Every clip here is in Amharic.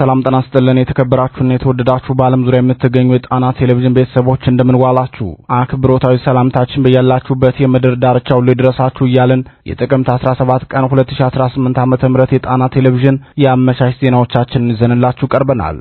ሰላም ጤና ይስጥልን። የተከበራችሁና የተወደዳችሁ በዓለም ዙሪያ የምትገኙ የጣና ቴሌቪዥን ቤተሰቦች እንደምንዋላችሁ አክብሮታዊ ሰላምታችን በያላችሁበት የምድር ዳርቻ ሁሉ ይድረሳችሁ እያልን የጥቅምት 17 ቀን 2018 ዓ.ም የጣና ቴሌቪዥን የአመሻሽ ዜናዎቻችንን ይዘንላችሁ ቀርበናል።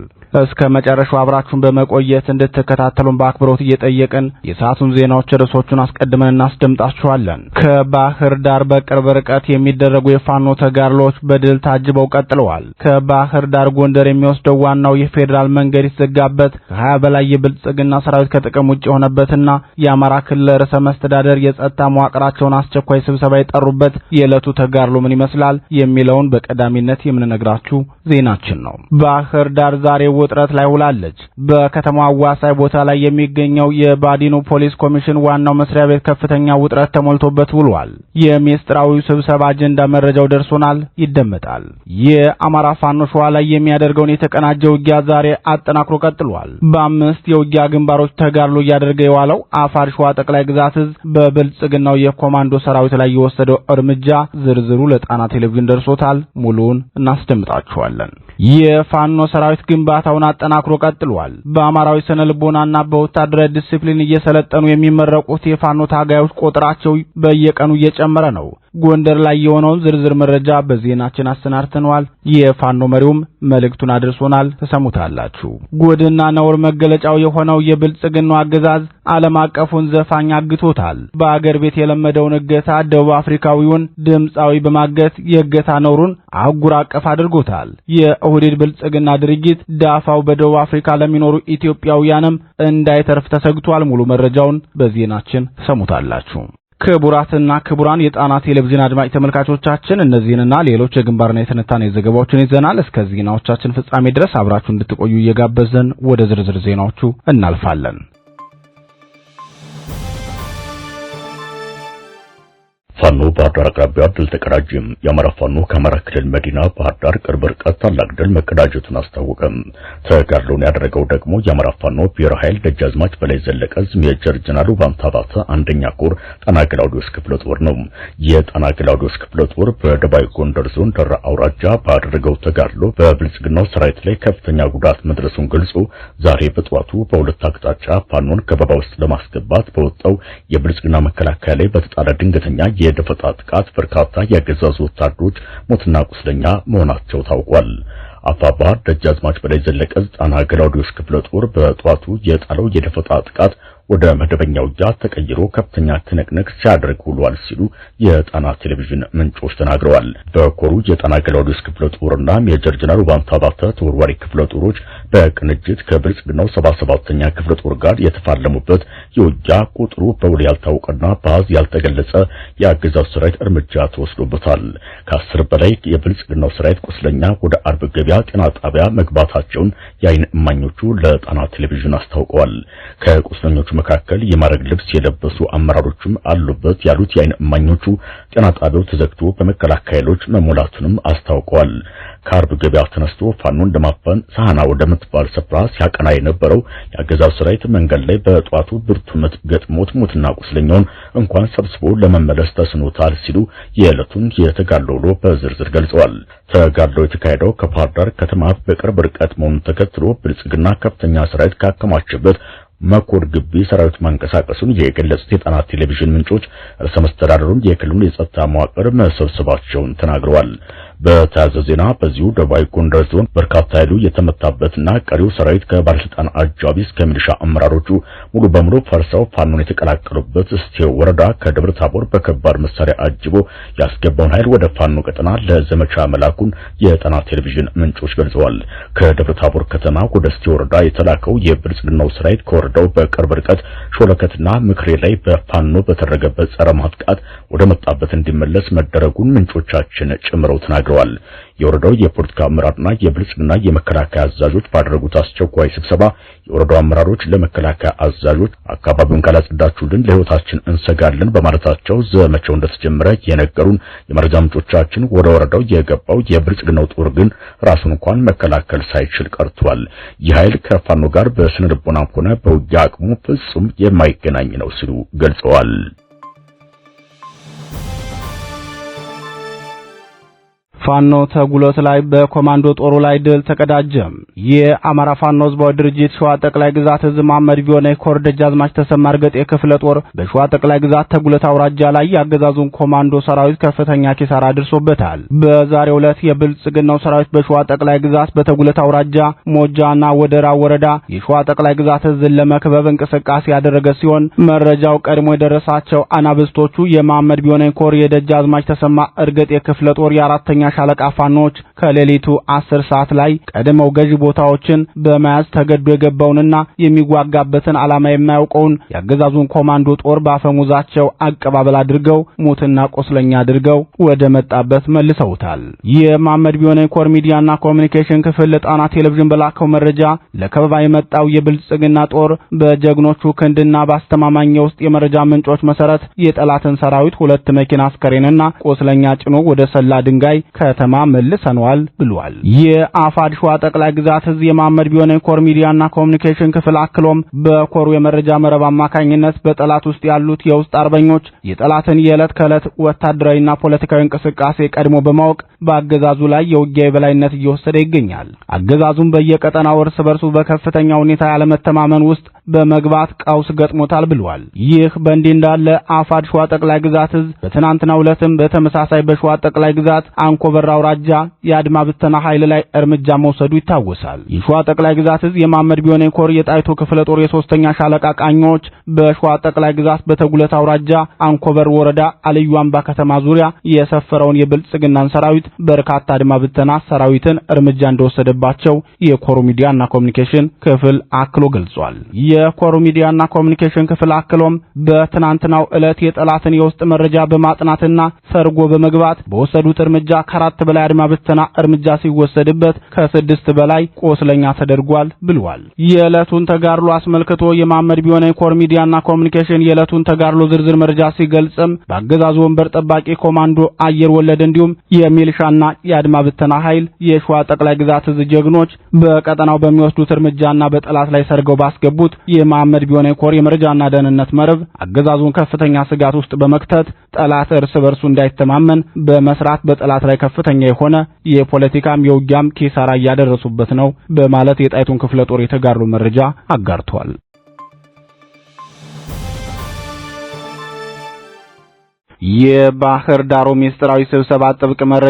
እስከ መጨረሻው አብራችሁን በመቆየት እንድትከታተሉን በአክብሮት እየጠየቅን የሰዓቱን ዜናዎች ርዕሶቹን አስቀድመን እናስደምጣችኋለን። ከባህር ዳር በቅርብ ርቀት የሚደረጉ የፋኖ ተጋድሎች በድል ታጅበው ቀጥለዋል። ከባህር ዳር ጎንደር የሚወስደው ዋናው የፌዴራል መንገድ የተዘጋበት ከሀያ በላይ የብልጽግና ሰራዊት ከጥቅም ውጭ የሆነበትና የአማራ ክልል ርዕሰ መስተዳደር የጸጥታ መዋቅራቸውን አስቸኳይ ስብሰባ የጠሩበት የዕለቱ ተጋድሎ ምን ይመስላል የሚለውን በቀዳሚነት የምንነግራችሁ ዜናችን ነው። ባህር ዳር ዛሬ ውጥረት ላይ ውላለች። በከተማ አዋሳኝ ቦታ ላይ የሚገኘው የባዲኑ ፖሊስ ኮሚሽን ዋናው መስሪያ ቤት ከፍተኛ ውጥረት ተሞልቶበት ውሏል። የሚስጥራዊ ስብሰባ አጀንዳ መረጃው ደርሶናል፣ ይደመጣል። የአማራ ፋኖ ሸዋ ላይ የሚያደርገውን የተቀናጀ ውጊያ ዛሬ አጠናክሮ ቀጥሏል። በአምስት የውጊያ ግንባሮች ተጋድሎ እያደረገ የዋለው አፋር ሸዋ ጠቅላይ ግዛት እዝ በብልጽግናው የኮማንዶ ሰራዊት ላይ የወሰደው እርምጃ ዝርዝሩ ለጣና ቴሌቪዥን ደርሶታል። ሙሉውን እናስደምጣችኋለን። የፋኖ ሰራዊት ግንባታውን አጠናክሮ ቀጥሏል። በአማራዊ ስነ ልቦናና በወታደራዊ ዲሲፕሊን እየሰለጠኑ የሚመረቁት የፋኖ ታጋዮች ቁጥራቸው በየቀኑ እየጨመረ ነው። ጎንደር ላይ የሆነውን ዝርዝር መረጃ በዜናችን አሰናድተነዋል። የፋኖ መሪውም መልእክቱን አድርሶናል፣ ተሰሙታላችሁ። ጎድና ነውር መገለጫው የሆነው የብልጽግናው አገዛዝ ዓለም አቀፉን ዘፋኝ አግቶታል። በአገር ቤት የለመደውን እገታ ደቡብ አፍሪካዊውን ድምፃዊ በማገት የእገታ ነውሩን አህጉር አቀፍ አድርጎታል። የኦህዴድ ብልጽግና ድርጊት ዳፋው በደቡብ አፍሪካ ለሚኖሩ ኢትዮጵያውያንም እንዳይተርፍ ተሰግቷል። ሙሉ መረጃውን በዜናችን ሰሙታላችሁ። ክቡራትና ክቡራን የጣና ቴሌቪዥን አድማጭ ተመልካቾቻችን እነዚህንና ሌሎች የግንባርና የትንታኔ ዘገባዎችን ይዘናል። እስከ ዜናዎቻችን ፍጻሜ ድረስ አብራችሁ እንድትቆዩ እየጋበዘን ወደ ዝርዝር ዜናዎቹ እናልፋለን። ፋኖ ባህር ዳር አቅራቢያ ድል ተቀዳጅም። የአማራ ፋኖ ከአማራ ክልል መዲና ባህር ዳር ቅርብ ርቀት ታላቅ ድል መቀዳጀቱን አስታወቀም። ተጋድሎውን ያደረገው ደግሞ የአማራ ፋኖ ብሔራዊ ኃይል ደጃዝማች በላይ ዘለቀ ዝም የጀር ባንታ ባምታባተ አንደኛ ኮር ጣና ገላውዲዮስ ክፍለ ጦር ነው። የጣና ገላውዲዮስ ክፍለ ጦር በደቡባዊ ጎንደር ዞን ደራ አውራጃ ባደረገው ተጋድሎ በብልጽግናው ሰራዊት ላይ ከፍተኛ ጉዳት መድረሱን ገልጾ ዛሬ በጠዋቱ በሁለት አቅጣጫ ፋኖን ከበባ ውስጥ ለማስገባት በወጣው የብልጽግና መከላከያ ላይ በተጣለ ድንገተኛ የደፈጣ ጥቃት በርካታ የአገዛዙ ወታደሮች ሞትና ቁስለኛ መሆናቸው ታውቋል። አፋባ ደጃዝማች በላይ ዘለቀ ጣና ገላውዴዎስ ክፍለ ጦር በጠዋቱ የጣለው የደፈጣ ጥቃት ወደ መደበኛ ውጊያ ተቀይሮ ከፍተኛ ትንቅንቅ ሲያደርግ ውሏል ሲሉ የጣና ቴሌቪዥን ምንጮች ተናግረዋል። በኮሩ የጣና ገላውዲዮስ ክፍለ ጦርና ሜጀር ጀነራል ባንታ ባተ ተወርዋሪ ክፍለ ጦሮች በቅንጅት ከብልጽግናው 77ኛ ክፍለ ጦር ጋር የተፋለሙበት የውጊያ ቁጥሩ በውል ያልታወቀና በአዝ ያልተገለጸ የአገዛዙ ሰራዊት እርምጃ ተወስዶበታል። ከአስር በላይ የብልጽግናው ሰራዊት ቁስለኛ ወደ አርብ ገበያ ጤና ጣቢያ መግባታቸውን የአይን እማኞቹ ለጣና ቴሌቪዥን አስታውቀዋል። ከቁስለኞቹ መካከል የማረግ ልብስ የለበሱ አመራሮችም አሉበት ያሉት የአይን እማኞቹ ጤና ጣቢያው ተዘግቶ በመከላከያ ኃይሎች መሞላቱንም አስታውቀዋል። ከአርብ ገበያ ተነስቶ ፋኖን ለማፈን ሳህና ወደምትባል ስፍራ ሲያቀና የነበረው የአገዛዙ ሰራዊት መንገድ ላይ በጧቱ ብርቱ ምት ገጥሞት ሞትና ቁስለኛውን እንኳን ሰብስቦ ለመመለስ ተስኖታል ሲሉ የዕለቱን የተጋድሎ ውሎ በዝርዝር ገልጸዋል። ተጋድሎ የተካሄደው ከባህር ዳር ከተማ በቅርብ ርቀት መሆኑን ተከትሎ ብልጽግና ከፍተኛ ሰራዊት ካከማቸበት መኮር ግቢ ሰራዊት ማንቀሳቀሱን የገለጹት የጣና ቴሌቪዥን ምንጮች ርዕሰ መስተዳደሩን የክልሉን የጸጥታ መዋቅር መሰብሰባቸውን ተናግረዋል። በተያዘ ዜና በዚሁ ደቡባዊ ጎንደር ዞን በርካታ ኃይሉ የተመታበትና ቀሪው ሰራዊት ከባለስልጣን አጃቢ እስከ ሚሊሻ አመራሮቹ ሙሉ በሙሉ ፈርሰው ፋኖን የተቀላቀሉበት እስቴ ወረዳ ከደብረ ታቦር በከባድ መሳሪያ አጅቦ ያስገባውን ኃይል ወደ ፋኖ ቀጠና ለዘመቻ መላኩን የጣና ቴሌቪዥን ምንጮች ገልጸዋል። ከደብረ ታቦር ከተማ ወደ እስቴ ወረዳ የተላከው የብልጽግናው ሰራዊት ወርደው በቅርብ ርቀት ሾለከትና ምክሬ ላይ በፋኖ በተደረገበት ጸረ ማጥቃት ወደ መጣበት እንዲመለስ መደረጉን ምንጮቻችን ጨምረው ተናግረዋል። የወረዳው የፖለቲካ አመራርና የብልጽግና የመከላከያ አዛዦች ባደረጉት አስቸኳይ ስብሰባ የወረዳው አመራሮች ለመከላከያ አዛዦች አካባቢውን ካላጸዳችሁልን ለህይወታችን እንሰጋለን በማለታቸው ዘመቻው እንደተጀመረ የነገሩን የመረጃ ምንጮቻችን ወደ ወረዳው የገባው የብልጽግናው ጦር ግን ራሱን እንኳን መከላከል ሳይችል ቀርቷል። ይህ ኃይል ከፋኖ ጋር በስነ ልቦናም ሆነ የውጊያ አቅሙ ፍጹም የማይገናኝ ነው ሲሉ ገልጸዋል። ፋኖ ተጉለት ላይ በኮማንዶ ጦሩ ላይ ድል ተቀዳጀ። የአማራ ፋኖ ህዝባዊ ድርጅት ሸዋ ጠቅላይ ግዛት ህዝብ መሐመድ ቢሆነ ኮር ደጃዝማች ተሰማ እርገጤ ክፍለ ጦር በሸዋ ጠቅላይ ግዛት ተጉለት አውራጃ ላይ ያገዛዙን ኮማንዶ ሰራዊት ከፍተኛ ኪሳራ አድርሶበታል። በዛሬው ዕለት የብልጽግናው ሰራዊት በሸዋ ጠቅላይ ግዛት በተጉለት አውራጃ ሞጃና ወደራ ወረዳ የሸዋ ጠቅላይ ግዛት ህዝብን ለመክበብ እንቅስቃሴ ያደረገ ሲሆን መረጃው ቀድሞ የደረሳቸው አናብስቶቹ የማመድ ቢሆነ ኮር የደጃዝማች ተሰማ እርገጤ ክፍለ ጦር የአራተኛ ሻለቃ ፋኖች ከሌሊቱ አስር ሰዓት ላይ ቀድመው ገዢ ቦታዎችን በመያዝ ተገዶ የገባውንና የሚዋጋበትን ዓላማ የማያውቀውን የአገዛዙን ኮማንዶ ጦር ባፈሙዛቸው አቀባበል አድርገው ሞትና ቆስለኛ አድርገው ወደ መጣበት መልሰውታል። የመሐመድ ቢሆነኝ ኮር ሚዲያና ኮሚኒኬሽን ክፍል ለጣና ቴሌቪዥን በላከው መረጃ ለከበባ የመጣው የብልጽግና ጦር በጀግኖቹ ክንድና በአስተማማኝ ውስጥ የመረጃ ምንጮች መሰረት የጠላትን ሰራዊት ሁለት መኪና አስከሬንና ቆስለኛ ጭኖ ወደ ሰላ ድንጋይ ከተማ መልሰነዋል ብሏል። የአፋድ ሸዋ ጠቅላይ ግዛት እዝ የማመድ ቢሆነ ኮር ሚዲያና ኮሚኒኬሽን ክፍል አክሎም በኮሩ የመረጃ መረብ አማካኝነት በጠላት ውስጥ ያሉት የውስጥ አርበኞች የጠላትን የዕለት ከዕለት ወታደራዊና ፖለቲካዊ እንቅስቃሴ ቀድሞ በማወቅ በአገዛዙ ላይ የውጊያ የበላይነት እየወሰደ ይገኛል። አገዛዙም በየቀጠናው እርስ በርሱ በከፍተኛ ሁኔታ ያለመተማመን ውስጥ በመግባት ቀውስ ገጥሞታል ብሏል። ይህ በእንዲህ እንዳለ አፋድ ሸዋ ጠቅላይ ግዛት እዝ በትናንትናው ዕለትም በተመሳሳይ በሸዋ ጠቅላይ ግዛት አንኮ በኮበር አውራጃ የአድማ ብተና ኃይል ላይ እርምጃ መውሰዱ ይታወሳል። የሸዋ ጠቅላይ ግዛት እዝ የማመድ ቢሆኔ ኮር የጣይቶ ክፍለ ጦር የሶስተኛ ሻለቃ ቃኞች በሸዋ ጠቅላይ ግዛት በተጉለት አውራጃ አንኮበር ወረዳ አልዩ አምባ ከተማ ዙሪያ የሰፈረውን የብልጽግናን ሰራዊት በርካታ አድማ ብተና ሰራዊትን እርምጃ እንደወሰደባቸው የኮሩ ሚዲያና ኮሚኒኬሽን ክፍል አክሎ ገልጿል። የኮሩ ሚዲያና ኮሚኒኬሽን ክፍል አክሎም በትናንትናው ዕለት የጠላትን የውስጥ መረጃ በማጥናትና ሰርጎ በመግባት በወሰዱት እርምጃ ከአራት በላይ አድማ ብተና እርምጃ ሲወሰድበት ከስድስት በላይ ቆስለኛ ተደርጓል ብሏል። የዕለቱን ተጋድሎ አስመልክቶ የማመድ ቢሆነ ኮር ሚዲያና ኮሚኒኬሽን የዕለቱን ተጋድሎ ዝርዝር መረጃ ሲገልጽም በአገዛዙ ወንበር ጠባቂ ኮማንዶ አየር ወለድ እንዲሁም የሚልሻና የአድማ ብተና ኃይል የሸዋ ጠቅላይ ግዛት እዝ ጀግኖች በቀጠናው በሚወስዱት እርምጃና በጠላት ላይ ሰርገው ባስገቡት የማመድ ቢሆነ ኮር የመረጃና ደህንነት መረብ አገዛዙን ከፍተኛ ስጋት ውስጥ በመክተት ጠላት እርስ በርሱ እንዳይተማመን በመስራት በጠላት ላይ ከፍተኛ የሆነ የፖለቲካም የውጊያም ኪሳራ እያደረሱበት ነው በማለት የጣይቱን ክፍለ ጦር የተጋሩ መረጃ አጋርቷል የባህር ዳሩ ምስጢራዊ ስብሰባ ጥብቅ መረጃ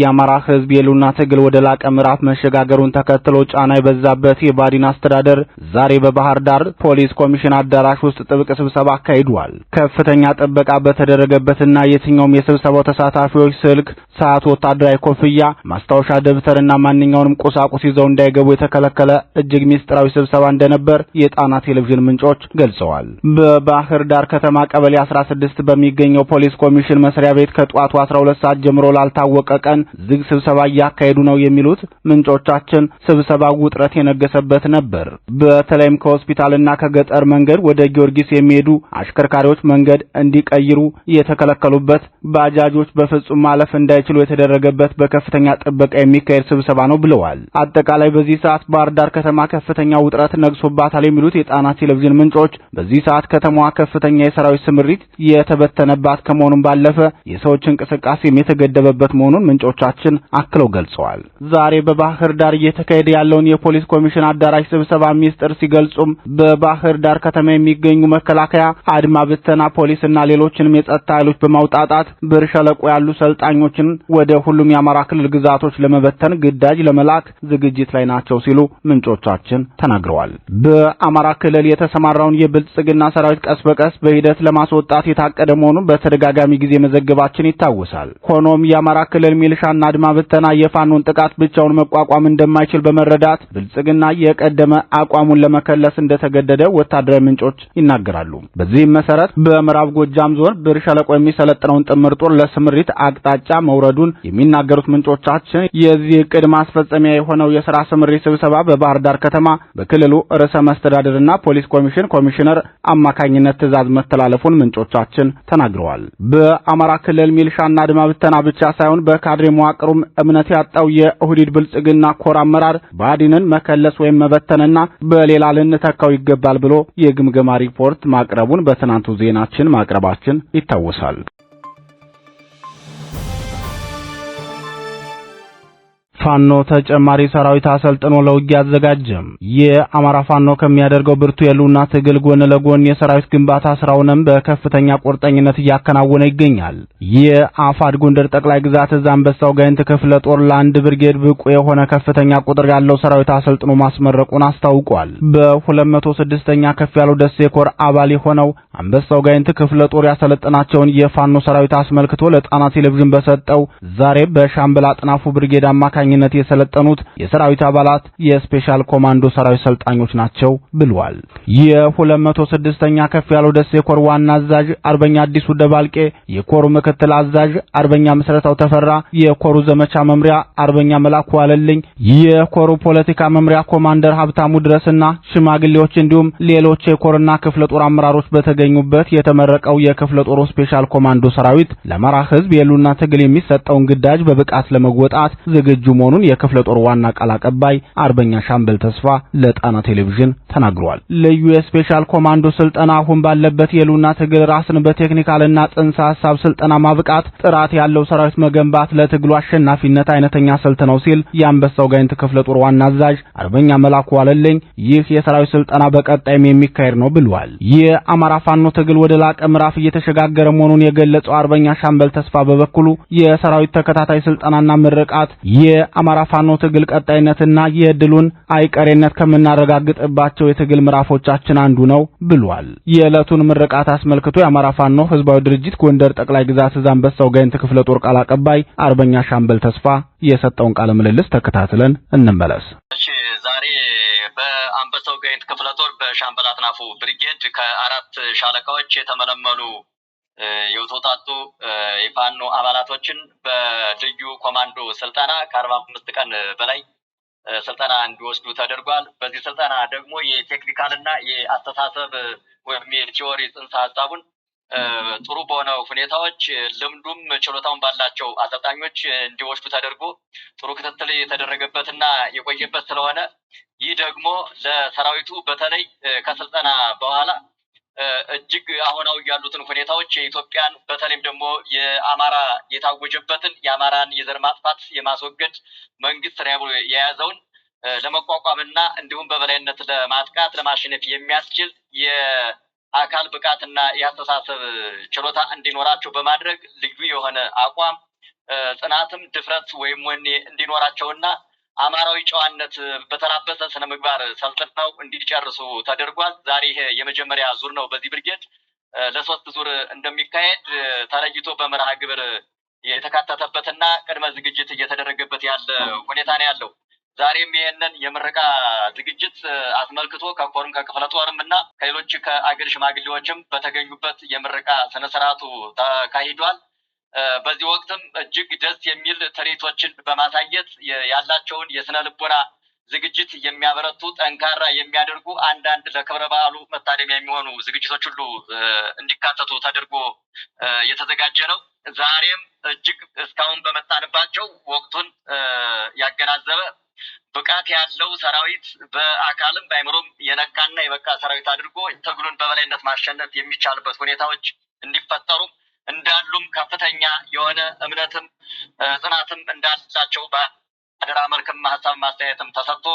የአማራ ሕዝብ የሉና ትግል ወደ ላቀ ምዕራፍ መሸጋገሩን ተከትሎ ጫና የበዛበት የባዲን አስተዳደር ዛሬ በባህር ዳር ፖሊስ ኮሚሽን አዳራሽ ውስጥ ጥብቅ ስብሰባ አካሂዷል። ከፍተኛ ጥበቃ በተደረገበትና የትኛውም የስብሰባው ተሳታፊዎች ስልክ፣ ሰዓት፣ ወታደራዊ ኮፍያ፣ ማስታወሻ ደብተርና ማንኛውንም ቁሳቁስ ይዘው እንዳይገቡ የተከለከለ እጅግ ምስጢራዊ ስብሰባ እንደነበር የጣና ቴሌቪዥን ምንጮች ገልጸዋል። በባህር ዳር ከተማ ቀበሌ 16 በሚገኘው ፖሊስ ኮሚሽን መስሪያ ቤት ከጠዋቱ 12 ሰዓት ጀምሮ ላልታወቀ ቀን ዝግ ስብሰባ እያካሄዱ ነው የሚሉት ምንጮቻችን፣ ስብሰባው ውጥረት የነገሰበት ነበር። በተለይም ከሆስፒታልና ከገጠር መንገድ ወደ ጊዮርጊስ የሚሄዱ አሽከርካሪዎች መንገድ እንዲቀይሩ የተከለከሉበት፣ ባጃጆች በፍጹም ማለፍ እንዳይችሉ የተደረገበት በከፍተኛ ጥበቃ የሚካሄድ ስብሰባ ነው ብለዋል። አጠቃላይ በዚህ ሰዓት ባህር ዳር ከተማ ከፍተኛ ውጥረት ነግሶባታል የሚሉት የጣና ቴሌቪዥን ምንጮች በዚህ ሰዓት ከተማዋ ከፍተኛ የሰራዊት ስምሪት የተበተነባት ከመሆኑም ባለፈ የሰዎች እንቅስቃሴም የተገደበበት መሆኑን ምንጮቻችን አክለው ገልጸዋል። ዛሬ በባህር ዳር እየተካሄደ ያለውን የፖሊስ ኮሚሽን አዳራሽ ስብሰባ ሚስጥር ሲገልጹም በባህር ዳር ከተማ የሚገኙ መከላከያ፣ አድማ ብተና፣ ፖሊስና ሌሎችንም የጸጥታ ኃይሎች በማውጣጣት ብር ሸለቆ ያሉ ሰልጣኞችን ወደ ሁሉም የአማራ ክልል ግዛቶች ለመበተን ግዳጅ ለመላክ ዝግጅት ላይ ናቸው ሲሉ ምንጮቻችን ተናግረዋል። በአማራ ክልል የተሰማራውን የብልጽግና ሰራዊት ቀስ በቀስ በሂደት ለማስወጣት የታቀደ መሆኑን በተደ በተደጋጋሚ ጊዜ መዘገባችን ይታወሳል። ሆኖም የአማራ ክልል ሚልሻና አድማ ብተና የፋኖን ጥቃት ብቻውን መቋቋም እንደማይችል በመረዳት ብልጽግና የቀደመ አቋሙን ለመከለስ እንደተገደደ ወታደራዊ ምንጮች ይናገራሉ። በዚህም መሰረት በምዕራብ ጎጃም ዞን ብር ሸለቆ የሚሰለጥነውን ጥምር ጦር ለስምሪት አቅጣጫ መውረዱን የሚናገሩት ምንጮቻችን የዚህ እቅድ ማስፈጸሚያ የሆነው የስራ ስምሪት ስብሰባ በባህር ዳር ከተማ በክልሉ ርዕሰ መስተዳድርና ፖሊስ ኮሚሽን ኮሚሽነር አማካኝነት ትዕዛዝ መተላለፉን ምንጮቻችን ተናግረዋል። በአማራ ክልል ሚልሻና አድማ ብተና ብቻ ሳይሆን በካድሬ መዋቅሩም እምነት ያጣው የእሁዲድ ብልጽግና ኮር አመራር ብአዴንን መከለስ ወይም መበተንና በሌላ ልንተካው ይገባል ብሎ የግምገማ ሪፖርት ማቅረቡን በትናንቱ ዜናችን ማቅረባችን ይታወሳል። ፋኖ ተጨማሪ ሰራዊት አሰልጥኖ ለውጊያ አዘጋጀም። የአማራ ፋኖ ከሚያደርገው ብርቱ የሉና ትግል ጎን ለጎን የሰራዊት ግንባታ ስራውንም በከፍተኛ ቁርጠኝነት እያከናወነ ይገኛል። የአፋድ ጎንደር ጠቅላይ ግዛት እዝ አንበሳው ጋይንት ክፍለ ጦር ለአንድ ብርጌድ ብቁ የሆነ ከፍተኛ ቁጥር ያለው ሰራዊት አሰልጥኖ ማስመረቁን አስታውቋል። በ206ኛ ከፍ ያለው ደሴ ኮር አባል የሆነው አንበሳው ጋይንት ክፍለ ጦር ያሰለጠናቸውን የፋኖ ሰራዊት አስመልክቶ ለጣና ቴሌቪዥን በሰጠው ዛሬ በሻምበል አጥናፉ ብርጌድ አማካኝ አሰልጣኝነት የሰለጠኑት የሰራዊት አባላት የስፔሻል ኮማንዶ ሰራዊት ሰልጣኞች ናቸው ብሏል። የ206ኛ ከፍ ያለው ደሴ ኮር ዋና አዛዥ አርበኛ አዲሱ ደባልቄ፣ የኮሩ ምክትል አዛዥ አርበኛ መሰረታው ተፈራ፣ የኮሩ ዘመቻ መምሪያ አርበኛ መላኩ አለልኝ፣ የኮሩ ፖለቲካ መምሪያ ኮማንደር ሀብታሙ ድረስና ሽማግሌዎች እንዲሁም ሌሎች የኮርና ክፍለ ጦር አመራሮች በተገኙበት የተመረቀው የክፍለ ጦሩ ስፔሻል ኮማንዶ ሰራዊት ለአማራ ሕዝብ የሉና ትግል የሚሰጠውን ግዳጅ በብቃት ለመወጣት ዝግጁ መሆኑን የክፍለ ጦር ዋና ቃል አቀባይ አርበኛ ሻምበል ተስፋ ለጣና ቴሌቪዥን ተናግሯል። ልዩ የስፔሻል ኮማንዶ ስልጠና አሁን ባለበት የሉና ትግል ራስን በቴክኒካልና ጽንሰ ሀሳብ ስልጠና ማብቃት፣ ጥራት ያለው ሰራዊት መገንባት ለትግሉ አሸናፊነት አይነተኛ ስልት ነው ሲል የአንበሳው ጋይንት ክፍለ ጦር ዋና አዛዥ አርበኛ መላኩ አለልኝ ይህ የሰራዊት ስልጠና በቀጣይም የሚካሄድ ነው ብሏል። የአማራ ፋኖ ትግል ወደ ላቀ ምዕራፍ እየተሸጋገረ መሆኑን የገለጸው አርበኛ ሻምበል ተስፋ በበኩሉ የሰራዊት ተከታታይ ስልጠናና ምርቃት የአማራ ፋኖ ትግል ቀጣይነትና የድሉን አይቀሬነት ከምናረጋግጥባቸው የትግል ምዕራፎቻችን አንዱ ነው ብሏል። የዕለቱን ምርቃት አስመልክቶ የአማራ ፋኖ ህዝባዊ ድርጅት ጎንደር ጠቅላይ ግዛት እዝ አንበሳው ጋይንት ክፍለ ጦር ቃል አቀባይ አርበኛ ሻምበል ተስፋ የሰጠውን ቃለ ምልልስ ተከታትለን እንመለስ። እሺ ዛሬ በአንበሳው ጋይንት ክፍለ ጦር በሻምበል አትናፉ ብሪጌድ ከአራት ሻለቃዎች የተመለመሉ የተውጣጡ የፋኖ አባላቶችን በልዩ ኮማንዶ ስልጠና ከአርባ አምስት ቀን በላይ ስልጠና እንዲወስዱ ተደርጓል። በዚህ ስልጠና ደግሞ የቴክኒካል እና የአስተሳሰብ ወይም የቲዎሪ ጽንሰ ሀሳቡን ጥሩ በሆነ ሁኔታዎች ልምዱም ችሎታውን ባላቸው አሰልጣኞች እንዲወስዱ ተደርጎ ጥሩ ክትትል የተደረገበትና የቆየበት ስለሆነ ይህ ደግሞ ለሰራዊቱ በተለይ ከስልጠና በኋላ እጅግ አሁናዊ ያሉትን ሁኔታዎች የኢትዮጵያን በተለይም ደግሞ የአማራ የታወጀበትን የአማራን የዘር ማጥፋት የማስወገድ መንግስት ነው ብሎ የያዘውን ለመቋቋምና እንዲሁም በበላይነት ለማጥቃት ለማሸነፍ የሚያስችል የአካል ብቃትና የአስተሳሰብ ችሎታ እንዲኖራቸው በማድረግ ልዩ የሆነ አቋም ጽናትም ድፍረት ወይም ወኔ እንዲኖራቸውና አማራዊ ጨዋነት በተላበሰ ስነ ምግባር ሰልጥነው እንዲጨርሱ ተደርጓል። ዛሬ የመጀመሪያ ዙር ነው። በዚህ ብርጌድ ለሶስት ዙር እንደሚካሄድ ተለይቶ በመርሃ ግብር የተካተተበትና ቅድመ ዝግጅት እየተደረገበት ያለ ሁኔታ ነው ያለው። ዛሬም ይሄንን የምረቃ ዝግጅት አስመልክቶ ከኮርም ከክፍለ ጦርም እና ከሌሎች ከአገር ሽማግሌዎችም በተገኙበት የምረቃ ስነስርዓቱ ተካሂዷል። በዚህ ወቅትም እጅግ ደስ የሚል ትርኢቶችን በማሳየት ያላቸውን የስነ ልቦና ዝግጅት የሚያበረቱ ጠንካራ የሚያደርጉ አንዳንድ ለክብረ በዓሉ መታደሚያ የሚሆኑ ዝግጅቶች ሁሉ እንዲካተቱ ተደርጎ የተዘጋጀ ነው። ዛሬም እጅግ እስካሁን በመጣንባቸው ወቅቱን ያገናዘበ ብቃት ያለው ሰራዊት በአካልም በአይምሮም የነቃና የበቃ ሰራዊት አድርጎ ትግሉን በበላይነት ማሸነፍ የሚቻልበት ሁኔታዎች እንዲፈጠሩ እንዳሉም ከፍተኛ የሆነ እምነትም ጽናትም እንዳላቸው በአደራ መልክም ሀሳብ ማስተያየትም ተሰጥቶ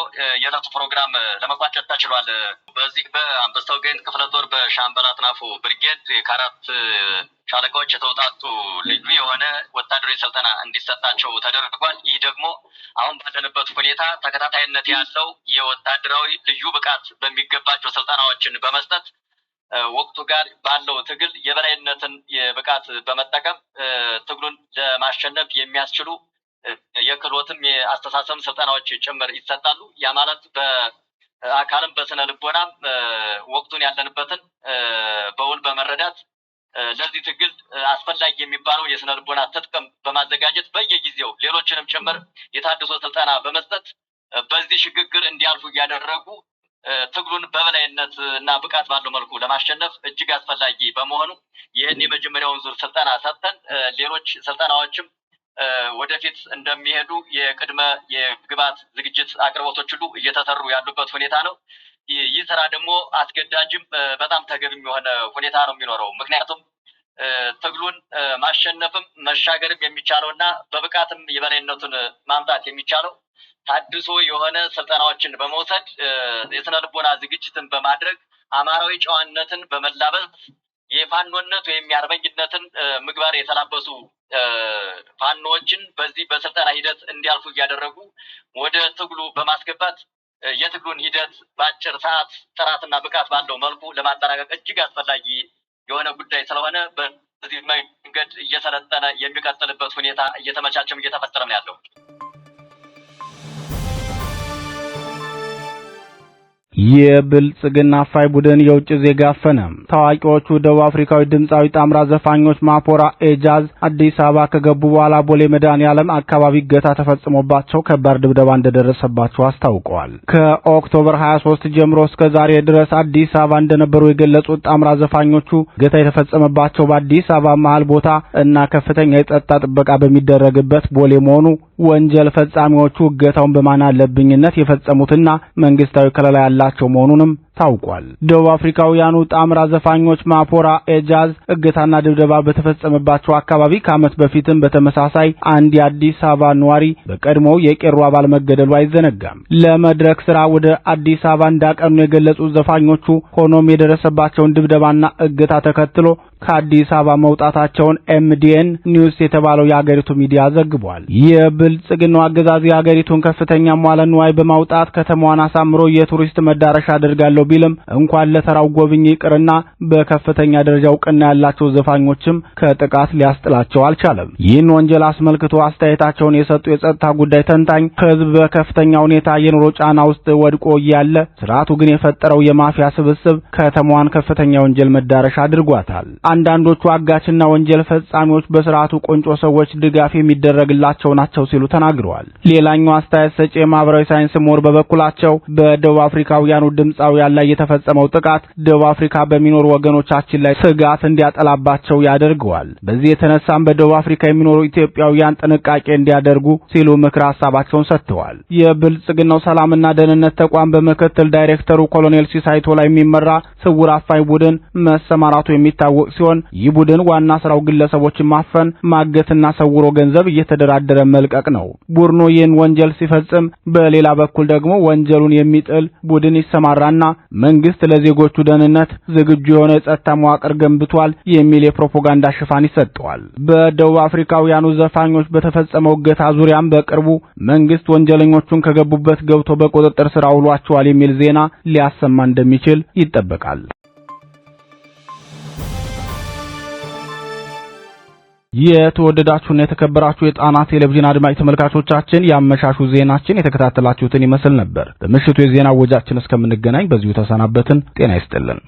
የዕለቱ ፕሮግራም ለመቋጨት ተችሏል። በዚህ በአንበሳው ጋይንት ክፍለ ጦር በሻምበል አጥናፉ ብርጌድ ከአራት ሻለቃዎች የተውጣጡ ልዩ የሆነ ወታደራዊ ስልጠና እንዲሰጣቸው ተደርጓል። ይህ ደግሞ አሁን ባለንበት ሁኔታ ተከታታይነት ያለው የወታደራዊ ልዩ ብቃት በሚገባቸው ስልጠናዎችን በመስጠት ወቅቱ ጋር ባለው ትግል የበላይነትን ብቃት በመጠቀም ትግሉን ለማሸነፍ የሚያስችሉ የክህሎትም የአስተሳሰብ ስልጠናዎች ጭምር ይሰጣሉ። ያ ማለት በአካልም በስነ ልቦናም ወቅቱን ያለንበትን በውል በመረዳት ለዚህ ትግል አስፈላጊ የሚባለው የስነ ልቦና ትጥቅም በማዘጋጀት በየጊዜው ሌሎችንም ጭምር የታድሶ ስልጠና በመስጠት በዚህ ሽግግር እንዲያልፉ እያደረጉ ትግሉን በበላይነት እና ብቃት ባለው መልኩ ለማሸነፍ እጅግ አስፈላጊ በመሆኑ ይህን የመጀመሪያውን ዙር ስልጠና ሰጥተን ሌሎች ስልጠናዎችም ወደፊት እንደሚሄዱ የቅድመ የግባት ዝግጅት አቅርቦቶች ሁሉ እየተሰሩ ያሉበት ሁኔታ ነው። ይህ ስራ ደግሞ አስገዳጅም በጣም ተገቢም የሆነ ሁኔታ ነው የሚኖረው ምክንያቱም ትግሉን ማሸነፍም መሻገርም የሚቻለው እና በብቃትም የበላይነቱን ማምጣት የሚቻለው ታድሶ የሆነ ስልጠናዎችን በመውሰድ የስነ ልቦና ዝግጅትን በማድረግ አማራዊ ጨዋነትን በመላበስ የፋኖነት ወይም የአርበኝነትን ምግባር የተላበሱ ፋኖዎችን በዚህ በስልጠና ሂደት እንዲያልፉ እያደረጉ ወደ ትግሉ በማስገባት የትግሉን ሂደት በአጭር ሰዓት ጥራትና ብቃት ባለው መልኩ ለማጠናቀቅ እጅግ አስፈላጊ የሆነ ጉዳይ ስለሆነ በዚህ መንገድ እየሰለጠነ የሚቀጥልበት ሁኔታ እየተመቻቸም እየተፈጠረም ነው ያለው። የብልጽግና ፋይ ቡድን የውጭ ዜጋ አፈነ። ታዋቂዎቹ ደቡብ አፍሪካዊ ድምፃዊ ጣምራ ዘፋኞች ማፖራ ኤጃዝ አዲስ አበባ ከገቡ በኋላ ቦሌ መድኃኔዓለም አካባቢ እገታ ተፈጽሞባቸው ከባድ ድብደባ እንደደረሰባቸው አስታውቀዋል። ከኦክቶበር 23 ጀምሮ እስከ ዛሬ ድረስ አዲስ አበባ እንደነበሩ የገለጹት ጣምራ ዘፋኞቹ እገታ የተፈጸመባቸው በአዲስ አበባ መሃል ቦታ እና ከፍተኛ የጸጥታ ጥበቃ በሚደረግበት ቦሌ መሆኑ ወንጀል ፈጻሚዎቹ እገታውን በማን አለብኝነት የፈጸሙትና መንግስታዊ ከለላ ያላ ያላቸው መሆኑንም ታውቋል። ደቡብ አፍሪካውያኑ ጣምራ ዘፋኞች ማፖራ ኤጃዝ እገታና ድብደባ በተፈጸመባቸው አካባቢ ከዓመት በፊትም በተመሳሳይ አንድ የአዲስ አበባ ነዋሪ በቀድሞው የቄሮ አባል መገደሉ አይዘነጋም። ለመድረክ ስራ ወደ አዲስ አበባ እንዳቀኑ የገለጹት ዘፋኞቹ ሆኖም የደረሰባቸውን ድብደባና እገታ ተከትሎ ከአዲስ አበባ መውጣታቸውን ኤምዲኤን ኒውስ የተባለው የአገሪቱ ሚዲያ ዘግቧል። የብልጽግናው አገዛዝ የአገሪቱን ከፍተኛ ሟለ ንዋይ በማውጣት ከተማዋን አሳምሮ የቱሪስት መዳረሻ አድርጋለሁ ቢልም እንኳን ለተራው ጎብኚ ይቅርና በከፍተኛ ደረጃ እውቅና ያላቸው ዘፋኞችም ከጥቃት ሊያስጥላቸው አልቻለም። ይህን ወንጀል አስመልክቶ አስተያየታቸውን የሰጡ የጸጥታ ጉዳይ ተንታኝ ህዝብ በከፍተኛ ሁኔታ የኑሮ ጫና ውስጥ ወድቆ እያለ ስርዓቱ ግን የፈጠረው የማፊያ ስብስብ ከተማዋን ከፍተኛ ወንጀል መዳረሻ አድርጓታል። አንዳንዶቹ አጋችና ወንጀል ፈጻሚዎች በስርዓቱ ቁንጮ ሰዎች ድጋፍ የሚደረግላቸው ናቸው ሲሉ ተናግረዋል። ሌላኛው አስተያየት ሰጪ የማህበራዊ ሳይንስ ምሁር በበኩላቸው በደቡብ አፍሪካውያኑ ያለ ላይ የተፈጸመው ጥቃት ደቡብ አፍሪካ በሚኖሩ ወገኖቻችን ላይ ስጋት እንዲያጠላባቸው ያደርገዋል። በዚህ የተነሳም በደቡብ አፍሪካ የሚኖሩ ኢትዮጵያውያን ጥንቃቄ እንዲያደርጉ ሲሉ ምክር ሀሳባቸውን ሰጥተዋል። የብልጽግናው ሰላምና ደህንነት ተቋም በምክትል ዳይሬክተሩ ኮሎኔል ሲሳይቶ ላይ የሚመራ ስውር አፋኝ ቡድን መሰማራቱ የሚታወቅ ሲሆን ይህ ቡድን ዋና ስራው ግለሰቦችን ማፈን፣ ማገትና ሰውሮ ገንዘብ እየተደራደረ መልቀቅ ነው። ቡድኑ ይህን ወንጀል ሲፈጽም፣ በሌላ በኩል ደግሞ ወንጀሉን የሚጥል ቡድን ይሰማራና መንግስት ለዜጎቹ ደህንነት ዝግጁ የሆነ የጸጥታ መዋቅር ገንብቷል የሚል የፕሮፓጋንዳ ሽፋን ይሰጠዋል። በደቡብ አፍሪካውያኑ ዘፋኞች በተፈጸመው እገታ ዙሪያም በቅርቡ መንግስት ወንጀለኞቹን ከገቡበት ገብቶ በቁጥጥር ስር አውሏቸዋል የሚል ዜና ሊያሰማ እንደሚችል ይጠበቃል። የተወደዳችሁና የተከበራችሁ የጣና ቴሌቪዥን አድማጭ ተመልካቾቻችን የአመሻሹ ዜናችን የተከታተላችሁትን ይመስል ነበር። በምሽቱ የዜና ወጃችን እስከምንገናኝ በዚሁ ተሰናበትን። ጤና ይስጥልን።